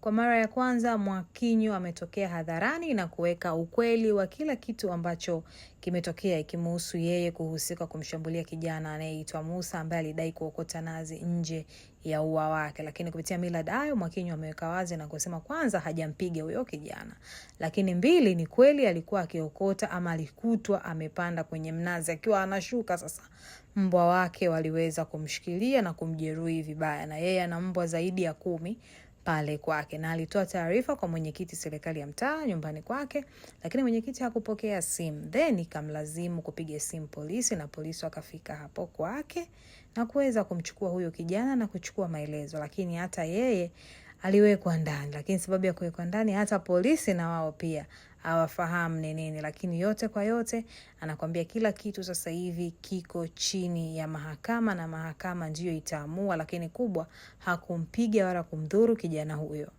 Kwa mara ya kwanza Mwakinyo ametokea hadharani na kuweka ukweli wa kila kitu ambacho kimetokea ikimuhusu yeye kuhusika kumshambulia kijana anayeitwa Musa ambaye alidai kuokota nazi nje ya ua wake. Lakini kupitia Millard ayo, Mwakinyo ameweka wazi na kusema kwanza, hajampiga huyo kijana, lakini mbili, ni kweli alikuwa akiokota ama alikutwa amepanda kwenye mnazi akiwa anashuka. Sasa mbwa wake waliweza kumshikilia na kumjeruhi vibaya, na yeye ana mbwa zaidi ya kumi pale kwake, na alitoa taarifa kwa mwenyekiti serikali ya mtaa nyumbani kwake, lakini mwenyekiti hakupokea simu, then ikamlazimu kupiga simu polisi, na polisi wakafika hapo kwake na kuweza kumchukua huyo kijana na kuchukua maelezo, lakini hata yeye aliwekwa ndani, lakini sababu ya kuwekwa ndani hata polisi na wao pia hawafahamu ni nini, lakini yote kwa yote anakwambia kila kitu sasa hivi kiko chini ya mahakama na mahakama ndiyo itaamua, lakini kubwa hakumpiga wala kumdhuru kijana huyo.